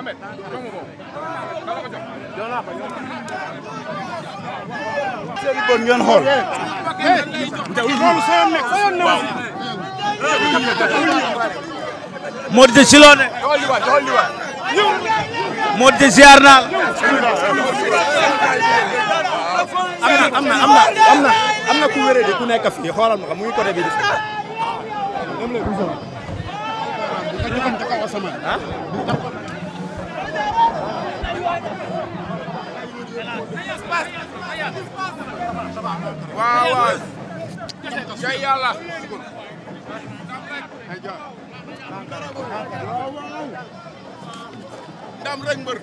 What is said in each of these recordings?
Ahmed jox ko da la ko jox jox naa moo di ci loo ne moo am na ku wéree di ku nekk fii xoolal ma xam mu ngi côté bi di fi waaw waaw. kay ndam rek mbër.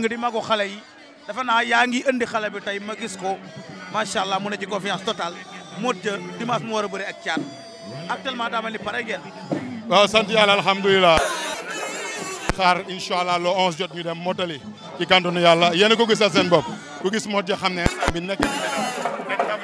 nga di magu xale yi dafa naa yaa ngi indi xale bi tey ma gis ko macha allah mu ne ci confiance totale Mod Dia dimanche mu war a bëri ak Thiat actuellement daa ni pare ngeen. waaw sant yàlla alhamdulilah. xaar incha allah lo 11 jot ñu dem motali ci kàntanu yàlla yéen a ko gisal seen bopp ku gis Mod Dia xam ne. bi nekk ndam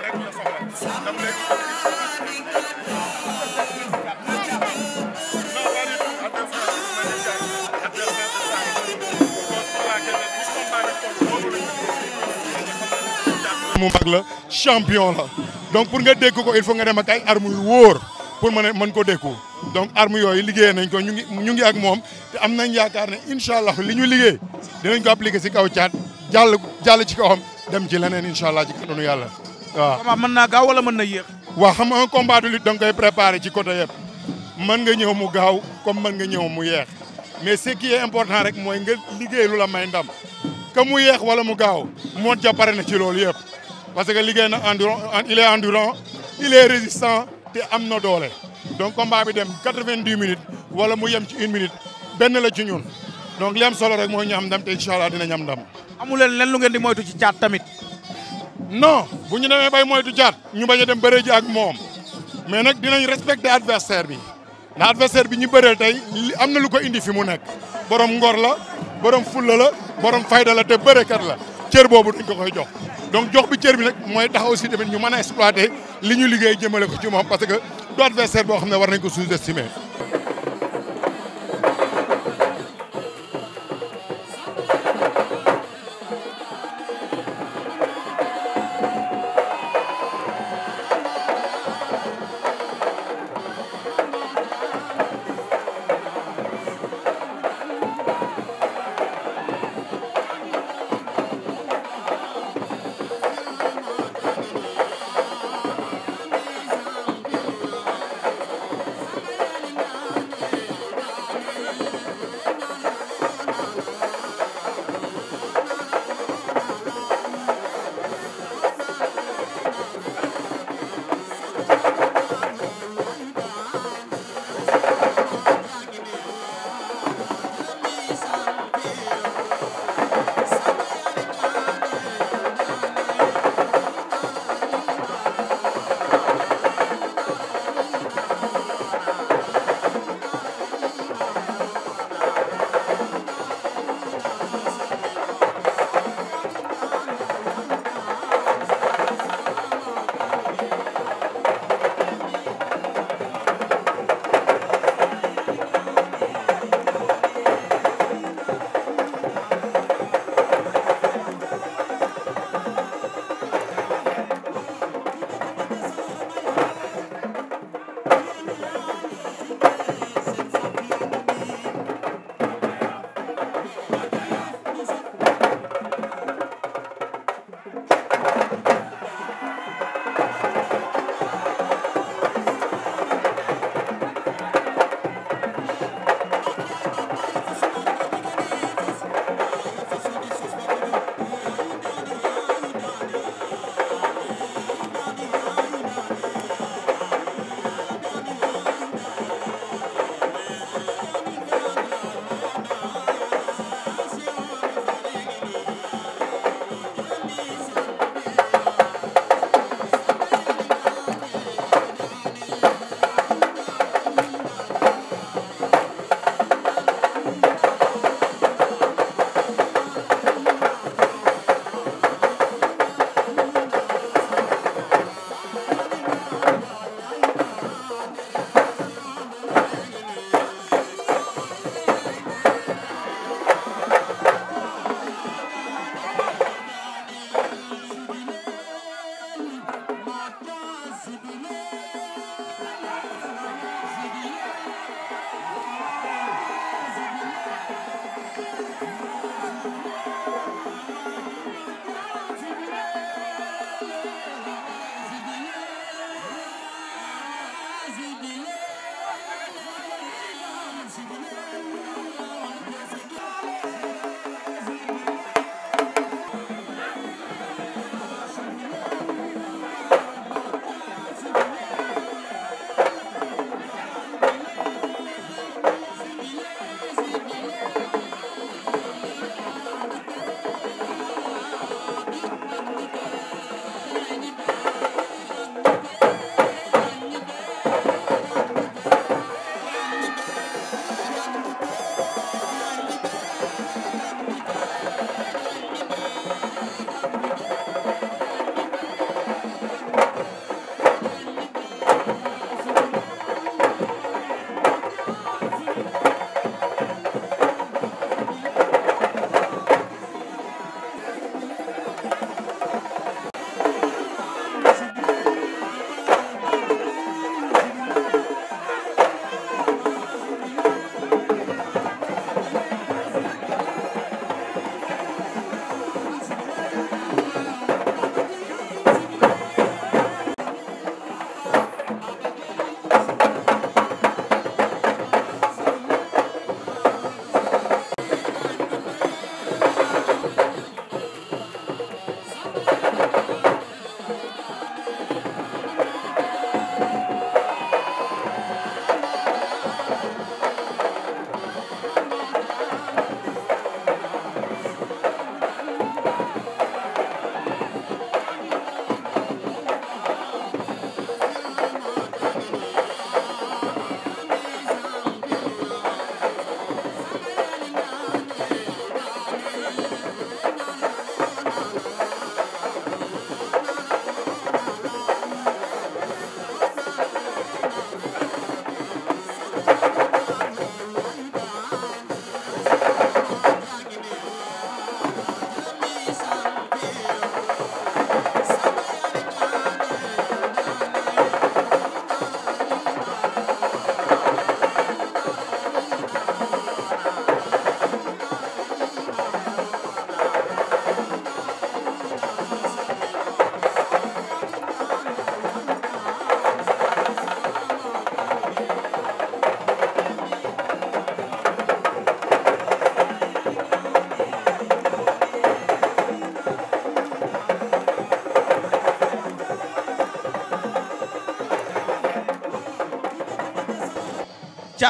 mu mag la champion la donc pour nga dégg ko il faut nga dem ak ay armes yu a mën ñu li ñu liggéey dinañ ko appliquer si kaw caat jàll ci kawam dem ci leneen incha allah ci kananu yàlla waaw. combat mën naa gaaw wala mën na yéex. waaw xam nga combat de lutte nga koy préparé ci côté yëpp mën nga ñëw mu gaaw comme mën nga ñëw mu yeex mais ce qui est important rek mooy nga liggéey lu la may ndam que mu yeex wala mu gaaw moo jàppare na ci loolu yëpp. parce que liggéey na endurant il est endurant il est résistant te am na doole donc combat bi dem du minutes wala mu yem ci une minute benn la ci ñun donc li am solo rek mooy ñu am ndam te incha allah dinañ am ndam. amu leen len lu ngeen di moytu ci caat tamit. no bu ñu demee bay moytu caat ñu bañ a dem bëree ji ak moom mais nag dinañ respecter adversaire bi ndax adversaire bi ñu bëreel tey am na lu ko indi fi mu nekk borom ngor la borom fulla la borom fayda la te bërekat la. cër boobu dañ ko koy jox donc jox bi cër bi nag mooy tax aussi tamit ñu mën a exploiter li ñu liggéey jëmale ko ci moom parce que du adversaire boo xam ne war nañ ko sous-estimer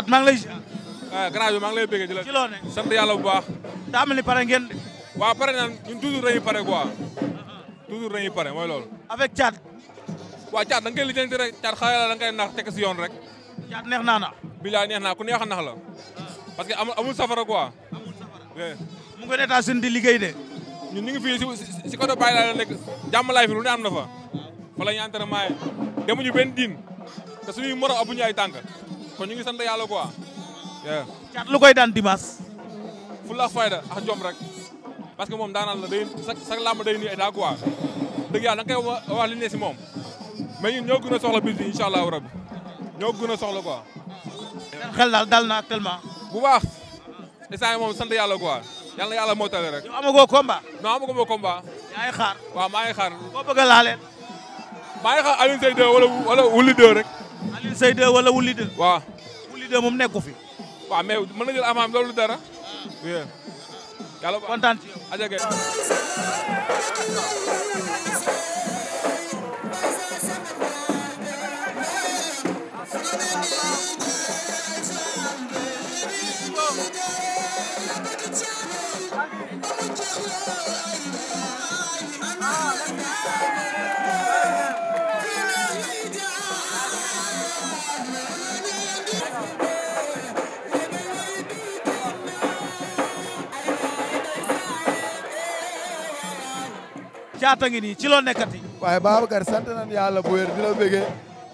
Pape maa ngi lay. waaw ah, grand bi maa ngi lay bëgg la. ci loo ne yàlla bu baax. daa mel ni pare ngeen de. waaw pare naan ñun toujours dañuy pare quoi toujours dañuy pare mooy loolu. avec Thiat. waaw Thiat da nga koy lijjanti rek Thiat xale la da nga koy nax teg si yoon rek. Thiat neex naa na. bilaay neex naa ku neex a nax la. parce que amul amul safara quoi. amul safara mu ngi États-Unis di liggéey de. ñun ñu ngi fii si si côté Baye laa nekk jàmm fi lu ne am na fa. fa la ñuy entraînement yi demuñu benn diin te suñuy moro abuñu kon ñu ngi sant yàlla quoi. caat lu koy daan dimanche. fulla ak fayda ak jom rek. parce que moom daanaan la day sa sa làmb day nii état quoi. dëgg yàlla da nga koy wax li ne si moom. mais ñun ñoo gën a soxla bis bi allahu rabi. ñoo gën a soxla quoi. xel daal dal na actuellement. bu baax. instant yi moom sant yàlla quoi. yàlla yàlla moo tale rek. yow amagoo combat. non amagoo combat. yaa ngi xaar. waaw maa ngi xaar. koo bëgg a laaleen. maa ngi xaar Alioune Seye 2 wala wala Wuli 2 rek. Alioune Seye 2 wala Wouly 2. waaw Wouly 2 moom nekku fi. waaw mais mën na jël amaam loolu dara. oui. yàlla kontaan ci yow. caata ngi nii ci loo nekkati. waaye Babacar sant nañu yàlla bu wér di la bëggee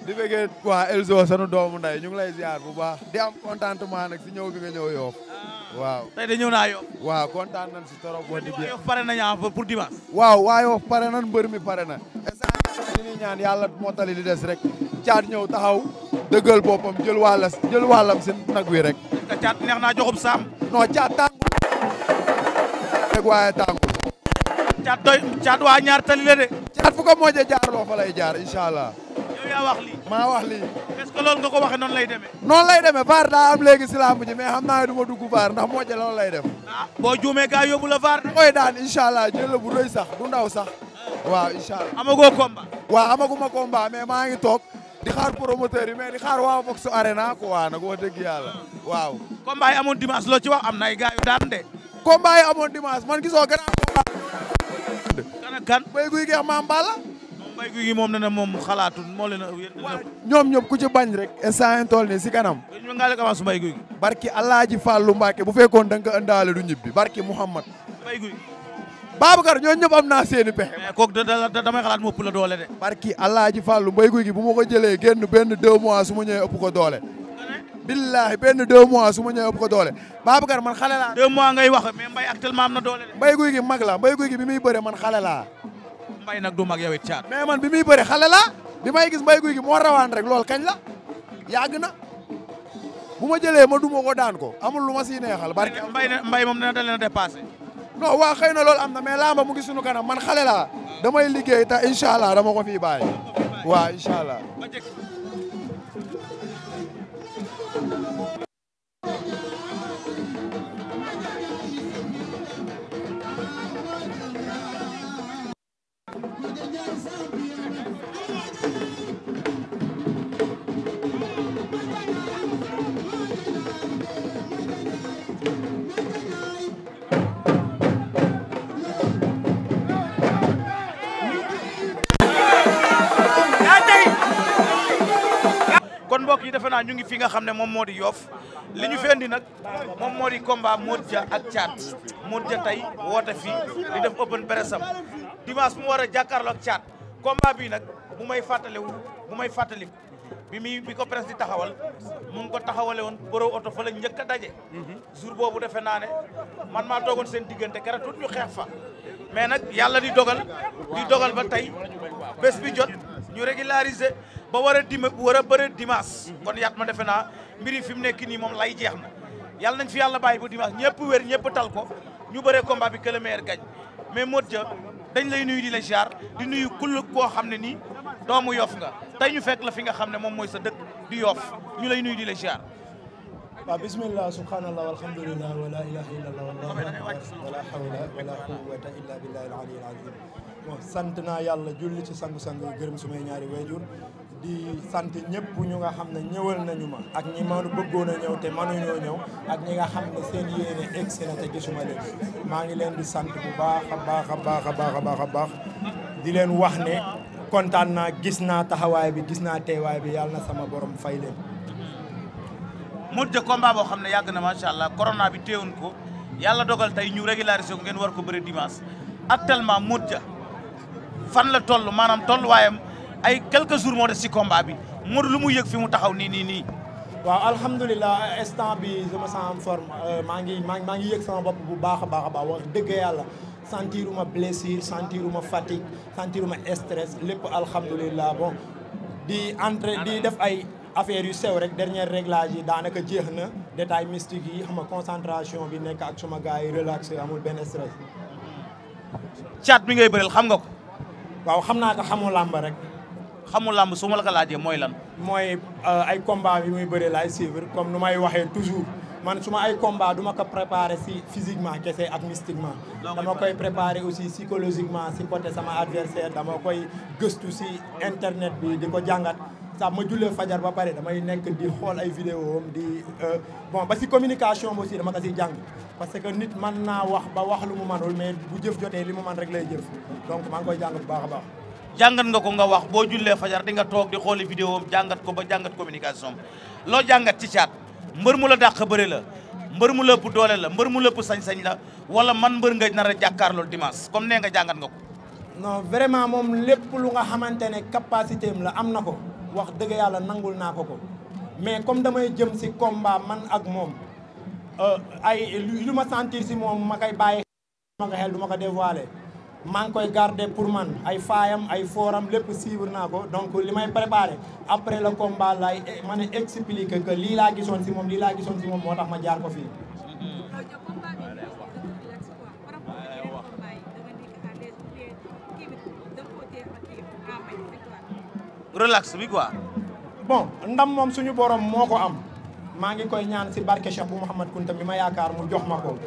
di bëggee waa Elzo sanu doomu nday ñu ngi lay ziar bu baax di am contentement nag si ñëw bi nga ñëw Yoff ah. waaw tey de ñëw naa Yoff waaw kontaan nañ si torop boo di Yoff pare nañu pour dimanche waaw waa Yoff pare nañ mbër mi pare na li ñuy ñaan yàlla mottali di des rek caat ñëw taxaw dëggal boppam jël wàlla jël wàllam si nag wi rek caat neex naa joxum saam non caat tàngu rek waaye tàngu caat doy caat waa ñaar tali la de. caat fu ko moojee jaarloo fa lay jaar incha allah. yow yaa wax lii. maa wax lii. est ce que loolu nga ko waxee noonu lay demee. noonu lay demee VAR daa am léegi si lamb ji mais xam naa ne du ma dugg VAR ndax moojee loolu lay def. ah boo juumee gaa yóbbu la VAR. koy daan incha allah jël bu rëy sax du ndaw sax. Ah. waaw incha allah amagoo combat. waaw amaguma combat mais maa ngi toog. di xaar promoteur yi mais di xaar waa Vox Arena quoi nag wax dëgg yàlla ah. waaw. combat yi amoon dimanche loo ci wax am na ay gars yu daan de. combat yi amoon dimanche man gisoo gannaaw. ak kan. mbay guy gi ak Balla. moom nee na moom xalaatul moo leen. ñoom ñoom ku ci bañ rek instant yéen tool ne si kanam. ñu ngaa leen avance mbay guy gi. barki Alaaji Fàllu Mbàkke bu fekkoon da nga ko ëndaale du ñibbi barki Muhammad. mbay guy. Babacar ñoo ñëpp am na seeni pexe. mais da da damay xalaat mu ëpp la doole de. barki Alaaji Fàllu mbay guy gi bu ma ko jëlee génn benn deux mois su ma ñëwee ëpp ko doole. billahi benn deux mois su ma ñëwee ëpp ko doole Babacar man xale laa. deux mois ngay wax mais Mbaye actuellement am na doole de. Mbaye guy gi mag la Mbaye guy gi bi muy bëre man xale laa. Mbaye nag du mag yow it mais man bi muy bëre xale laa bi may gis Mbaye guy gi moo rawaan rek lool kañ la yàgg na bu ma jëlee ma duma ko daan ko amul lu ma siy neexal. barke Mbaye Mbaye moom dana dana dépassé. non waa xëy na loolu am na mais lamba mu gis sunu kanam man xale laa damay liggéey te incha allah dama ko fiy baay waaw incha allah. Thank you. naa ñu ngi fi nga xam ne moom moo di yoof li ñu fi indi nag moom moo di combat Modou Dia ak Thiat Modou Dia tey woote fii di def open press am dimanche bu mu war a jàkkaarloo ak Thiat combat bii nag bu may fàttaliwu bu may fàttali bi muy bi ko presse di taxawal mu ko taxawale woon borow oto fa la njëkk a daje jour boobu defe naa ne man maa toogoon seen diggante kera tuut ñu xeex fa mais nag yàlla di dogal di dogal ba tey bés bi jot ñu régulariser ba war a dim war a bëre dimanche. kon yaat ma defe naa mbir yi fi mu nekk nii moom lay jeex na yàlla nañ fi yàlla bàyyi ba dimanche ñëpp wér ñëpp tal ko ñu bëree combat bi que le meilleur gagne mais Modou Dia dañ lay nuyu di la ziar di nuyu kul koo xam ne nii doomu Yoff nga tey ñu fekk la fi nga xam ne moom mooy sa dëkk di Yoff ñu lay nuyu di la ziar. waaw bismillah subhanallah wala ilaha illallah wallahu akbar wala hawla illa billahi al-ali al bon sant naa yàlla julli ci sangu-sang yi gërëm sumay ñaari wayjur di sant ñëpp ñu nga xam na ñëwal nañu ma ak ñi ma bëggoon a ñëw te mënuñoo ñëw ak ñi nga xam ne seen yéene egsi na te gisuma de maa ngi leen di sant bu baax a baax a baax a baax a baax a baax di leen wax ne kontaan naa gis naa taxawaay bi gis naa teewaay bi yàlla na sama borom fay leen. mu de combat boo xam ne yàgg na macha allah corona bi teewuñ ko yàlla dogal tey ñu régulariser ko ngeen war ko bëri dimanche fan la toll maanaam tolluwaayam ay quelque jours moo des ci combat bi Modou lu mu yëg fi mu taxaw nii nii nii. waaw alhamdulilah instant bi je me sens en euh, maa ngi maa ngi maa ngi yëg sama bopp bu baax a baax a baax wax dëgg yàlla. sentiruma blessure sentiruma fatigue sentiruma stress lépp alhamdulilah bon di entré di def ay affaires yu sew rek dernier réglage yi daanaka jeex na détail mystique yi xam concentration bi nekk ak suma gars yi relaxé amul benn stress. caat bi ngay bëreel xam nga ko. waaw xam naa te xamu làmb rek. xamu làmb su ma la ko laajee mooy lan. mooy euh, ay combat yu muy bëri laay suivre comme nu may waxee toujours man su ma ay combat duma ko préparer si physiquement kese ak mystiquement. dama koy préparer aussi psychologiquement si côté sama adversaire dama koy gëstu si internet bi di ko jàngat. saa ma jullee fajar ba pare damay nekk di xool ay vidéo am di euh, bon ba si communication boo si dama ko siy jàng parce que nit man naa wax ba wax lu mu mënul mais bu jëf jotee li mu mën rek lay jëf donc maa ngi koy jàng bu baax a baax. jàngat nga ko nga wax boo jullee fajar di nga toog di xooli vidéo am jàngat ko ba jàngat communication loo jàngat ci caat mbër mu la dàq bëre la mbër mu lëpp doole la mbër mu lëpp sañ-sañ la wala man mbër nga nar a jàkkaarlool dimanche comme nee nga jàngat nga non vraiment moom lépp lu nga xamante ne capacité am la am na ko. wax dëgg yàlla nangul naa ko ko mais comme damay jëm si combat man ak moom euh, ay lu ma sentir si moom ma koy bàyyi ma ko xel du ma ko dévoiler maa ngi koy garder pour man ay faayam ay fooram lépp suivre naa ko donc li may préparer après le combat lay ma ne expliquer que lii laa gisoon ci moom lii laa gisoon si moom moo tax ma jaar ko fii relax bi quoi. bon ndam moom suñu borom moo ko am maa ngi koy ñaan si barke Cheikh bu Mouhamad Kunta bi ma yaakaar mu jox ma ko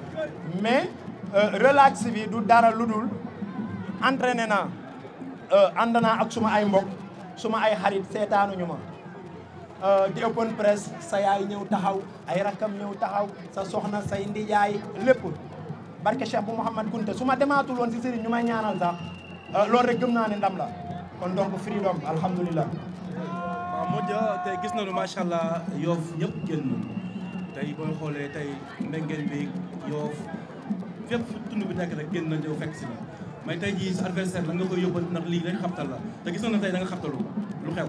mais euh, relax bi du dara lu dul entraîné naa euh, ànd naa ak suma ay mbokk suma ay xarit seetaanuñu ma. Euh, di open press sa yaay ñëw taxaw ay rakkam ñëw taxaw sa soxna say ndijaay lépp barke Cheikh bu Mouhamad Kunta su ma demaatul woon si sëriñ ñu may ñaanal sax loolu rek gëm naa ni ndam la. kon donc freedom alhamdulilah. waaw Modja tey gis nañu macha allah yoof ñëpp génn tey boo xoolee tey mbengeel bi yoof fépp tund bi nekk rek génn na ñëw fekk si la mais tey jii sa adversaire la koy yóbbal na lii rek xabtal la te gis na tey da nga xabtalu lu xew.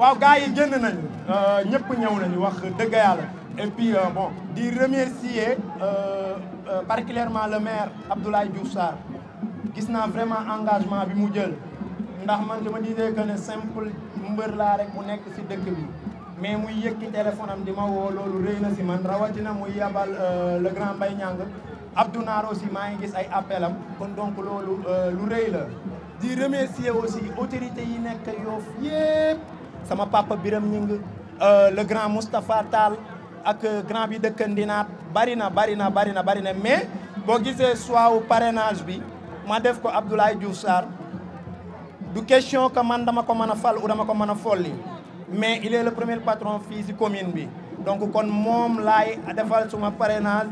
waaw gars yi génn nañu euh, ñëpp ñëw nañu wax dëgg yàlla et puis euh, bon di remercier euh, particulièrement le maire Abdoulaye Diouf Sarr gis naa vraiment engagement bi mu jël. ndax man dama ma que ne simple mbër laa rek mu nekk si dëkk bi mais muy yëkki téléphone am di ma woo loolu rëy na si man rawatina muy yabal euh, le grand Mbaye Niang Abdou Naar aussi maa ngi gis ay appel am kon donc loolu euh, lu rëy la di remercier aussi autorité yi nekk Yoff yëpp sama papa Birame Gningue euh, le grand Moustapha Tall ak grand bi dëkk Ndinaat bari na bari na bari na bari na mais boo gisee soiwu parenage bi ma def ko Abdoulaye Diouf Sarr du question que man dama ko mën a fal ou dama ko mën a folli mais il est le premier patron fii si commune bi donc kon moom laay defal suma parrainage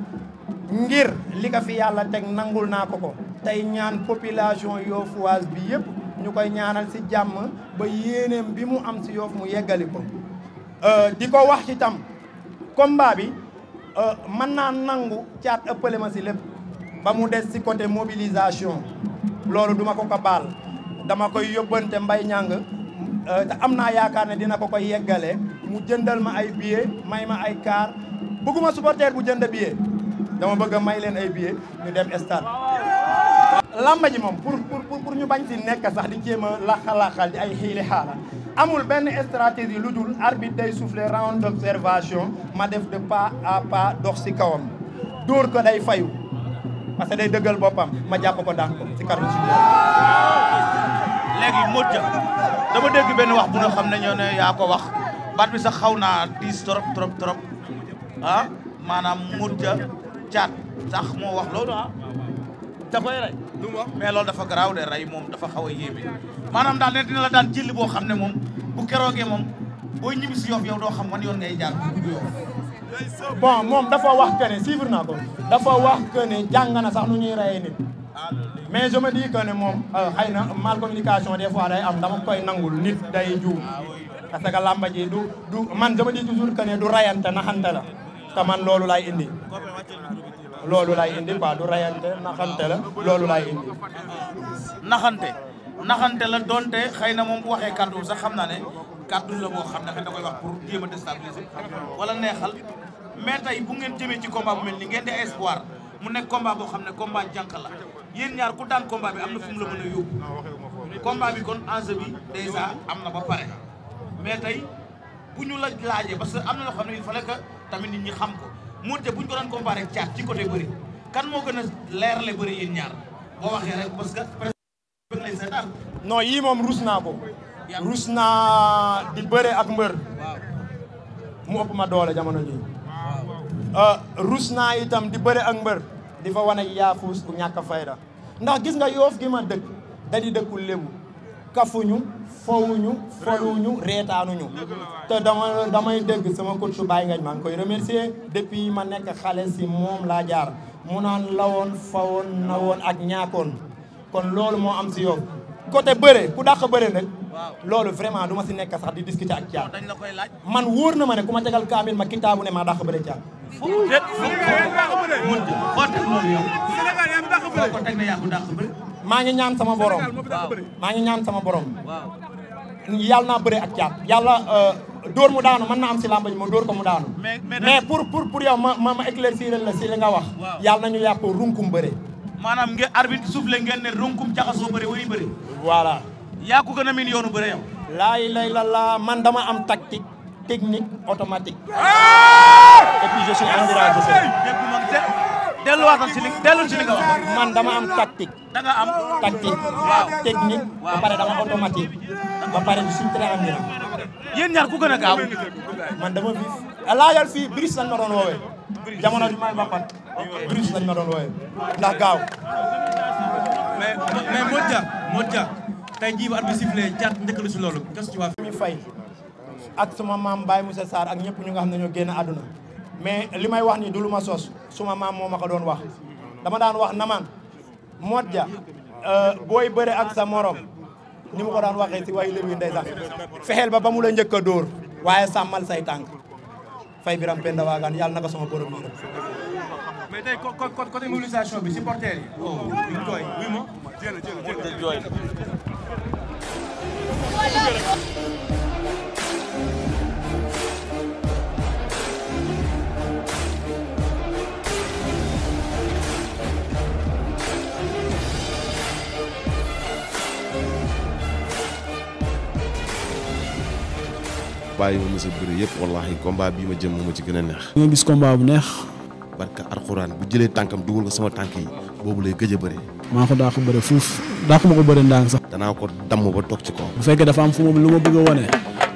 ngir li ko yàlla teg nangul naa ko ko tey ñaan population yoofuwaas bi yëpp ñu koy ñaanal si jàmm ba yéeneem bi mu am si yoof mu yeggali ko euh, di ko wax ci tam combat bi euh, mën naa nangu caat ëppale ma si lépp ba mu des si côté mobilisation loolu duma ko ko dama koy yóbbante mbay ñàng euh, am naa yaakaar ne dina ko koy yeggale mu jëndal ma ay billet may ma ay kaar bëgguma supporter bu jënd billet dama bëgg may leen ay billet ñu dem stade làmba ji moom pour pour ñu bañ si nekk sax di jéem a laxalaxal di ay xiili xaala amul benn stratégie lu dul arbitre day souffler round d'observation ma def de pa à pas dox si kawam dóor ko day fayu parce que day dëggal boppam ma jàpp ko daan ko si kàddu léegi mojja dama dégg benn wax bu nga xam ne ne yaa ko wax baat bi sax xaw naa diis trop trop trop ah maanaam mojja caat sax moo wax loolu ah da koy rey loolu dafa garaaw de rey moom dafa xaw a maanaam daal ne dina la daan jëlli boo xam ne moom bu keroogee moom booy ñibbi si Yoff yow doo xam wan yoon ngay jaar bu Yoff bon moom dafa wax que ne suivre naa ko dafa wax que ne jàng na sax nu ñuy reyee nit ah, mais je me dis moom euh, xëy na mal communication des fois day am dama koy nangul nit day juum parce que làmba du man je me dis du rayante naxante la te man loolu lay indi loolu lay indi quoi du rayante naxante la loolu lay indi naxante naxante la donte xëy na moom bu waxee kàddu sax xam naa ne kàddu la boo xam ne da koy wax pour jéem a déstabiliser wala neexal mais tey bu ngeen jëmee ci combat bu mel ngeen di espoir mu nekk combat boo xam ne combat jànk la yéen ñaar ku daan combat bi am na fu mu la mën a yóbbu combat bi kon enjeu bi déjà am na ba pare mais tey bu ñu la laajee parce que am na loo xam ne il tamit nit ñi xam ko Modou Dia bu ñu ko doon comparé ak Thiat ci côté bëri kan moo gën a leerle bëri yéen ñaar boo waxee rek parce que bëgg nañ yii moom rus naa ko rus naa di bëre ak mbër mu ëpp ma doole jamono ji euh, rus naa itam di bëre ak mbër di fa wane yaafuus ku ñàkk fayda ndax gis nga yoof gi ma dëkk dadi dëkkul lébu kafuñu fowuñu foluñu reetaanuñu te dama damay dégg sama coach Baye Ngagne maa ngi koy remercier depuis ma nekk xale si moom laa jaar mu naan lawoon fawoon woon ak ñaakoon kon loolu moo am si yoof côté bëre ku dàq bëre nag loolu vraiment du ma si nekk sax di discuter ak Thiam man wóor na ma ne ku ma tegal kaamil ma kitaabu ne maa a bëre Thiam. maa ngi ñaan sama borom maa ngi ñaan sama borom yàlla naa bëre ak Thiam yàlla euh, dóor mu daanu man naa am si làmb ji ma dóor ko mu daanu mais pour pour pour yow ma ma ma éclaircir la si li nga wax yàlla nañu yàpp runkum bëre maanaam ngeen arbitre soufflé ngeen ne runkum jaxasoo bëre wari bëre voilà yaa ko gën a miin yoonu bëre yow. laay lay la man dama am tactique technique automatique. Ah! et puis je suis encouragé. delluwaatal ci li dellu man dama am tactique. da ba pare dama automatique. ba pare je suis très endurant. yéen ñaar ku gën a gaaw. man dama vif. laajal fii brise lañ ma doon woowee. jamono bi may bambat. brise lañ ma doon woowee. ndax gaaw. mais mais Modou tey jii si arbitre sifflé caat njëkkalu si loolu gas ci waa mi fay ak suma maam Baye Moussa Sarr ak ñëpp ñu nga xam ne ñoo génn àdduna mais li may wax ni du lu ma sos suma maam moo ma doon wax dama daan wax namaan moot ja booy bëre ak sa morom ni mu ko daan waxee si wayu léb yi ndey sax fexeel ba ba mu la njëkk a dóor waaye sàmmal say tànk fay biram penda waagaan yàlla na ko sama borom yërëm mais tey côté mobilisation bi supporters yi bàyyi ma mos a bëri yëpp wallaahi combat bii ma jëm moo ci gën a neex. bi ma gis combat bu neex. barka alxuraan bu jëlee tànkam dugal ko sama tànk yi. boobu lay gëj a bëri maa ko daa ko bëri fuuf daa ko ma ko bëri ndànk sax danaa ko damm ba toog ci kaw bu fekkee dafa am fu moom lu ma bëgg a